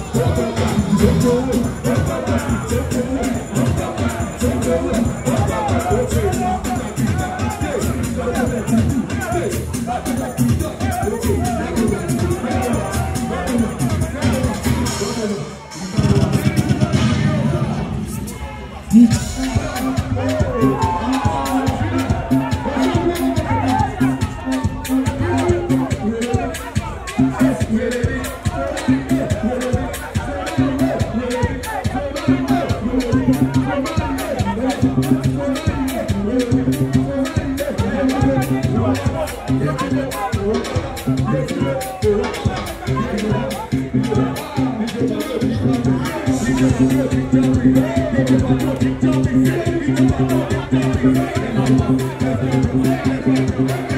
Thank you. Thank you.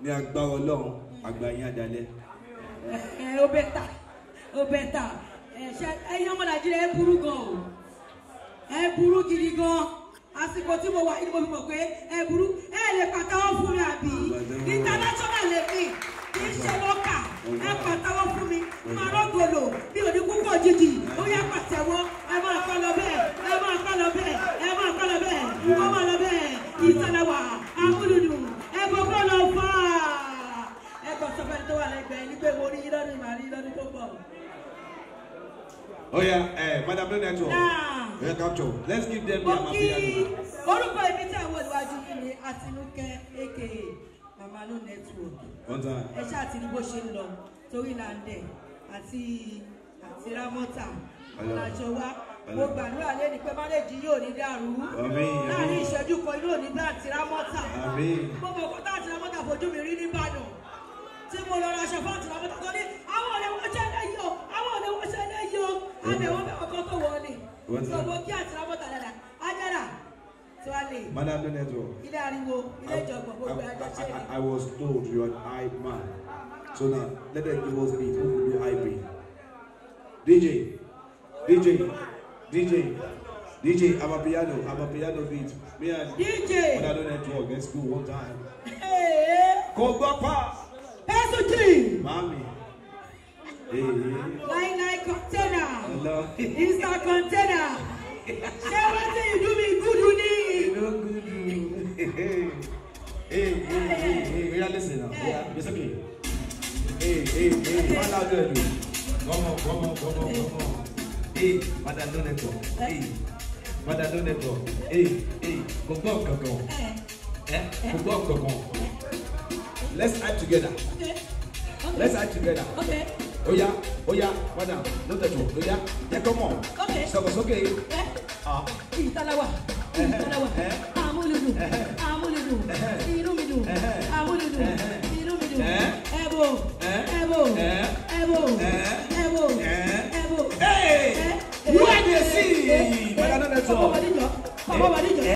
ní agbá ọlọ́run àgbà yín adalẹ́. ó bẹ́tà ó bẹ́tà ẹ̀yin ọmọ nàìjíríà ẹ burú gan o ẹ burú gidi gan àsìkò tí mo wà ní mo fi mọ̀ pé ẹ burú ẹ lè pàtàwọ́ fún mi àbí international lè fi kì í ṣe lọ́kà ẹ pàtàwọ́ fún mi máa rọ́gòlò mi ò ní púpọ̀ jìjì ó yẹ pàtẹ́wọ́ ẹ máa kọ́ lọ bẹ́ẹ̀ ẹ máa kọ́ lọ bẹ́ẹ̀ ẹ máa kọ́ lọ bẹ́ẹ̀ ó máa lọ bẹ́ẹ̀ ìtàláwà akúlùdù ẹ gbogbo lọ fà á ẹ kọ́ sọ́fẹ́ni tó wà lẹ́gbẹ̀ẹ́ nígbè wo ní yín lọ́dún ìmàlí lọ́dún tó pọ̀. Oh yeah, eh, Madam Blue Network. Nah. Welcome to. Let's give them their mafiya. Orúkọ èmi tí àwọn ìwájú mi ni Atinúkẹ́ aka Mama Blue Network. Ọ̀tá. Ẹ ṣáà ti ní bó ṣe ń lọ torí Landẹ̀ àti àti Ramọ́tà Ọ̀làjọwá. Mo gbàdúrà lẹ́ni pé máléjì yóò ní dàrú. Láàárín ìṣẹ́jú kan yóò ní dá àti Ramọ́tà. Gbogbo kọ́tà àti Ramọ́tà fojú mi rí ní Ìbàdàn. Good. So Network. Ilé ariwo, I was told you are an hype man. So now, let them give us beat. Who will be hyping? DJ. DJ. DJ. DJ, I'm a piano. I'm a piano beat. Me and DJ. Madam Network. Let's go one time. Hey. Kò gbọ́ pa. Pẹ́sùn kì Line like container. Hello. Insta container. Ṣé wọ́n ti ìlú mi gúdú No good gúdú. Hey, hey, hey, hey, we are listening now. Yeah, it's okay. Hey, hey, hey, one out there, dude. Come on, come on, come on, come on. Hey, Madam No Network. Hey, Madam No Network. Hey, hey, go go, go go. Eh, go go, go go. Let's act together. Okay. Let's act together. Okay. Oya, oya, madam, no touch me. Oya, yeah, come on. Okay. Stop us, okay. Eh? Ah. Ìtàláwà, eh, eh, ìtàláwà, àmúlùdù, eh, àmúlùdù, inú mi dùn, àmúlùdù, inú mi Eh bo.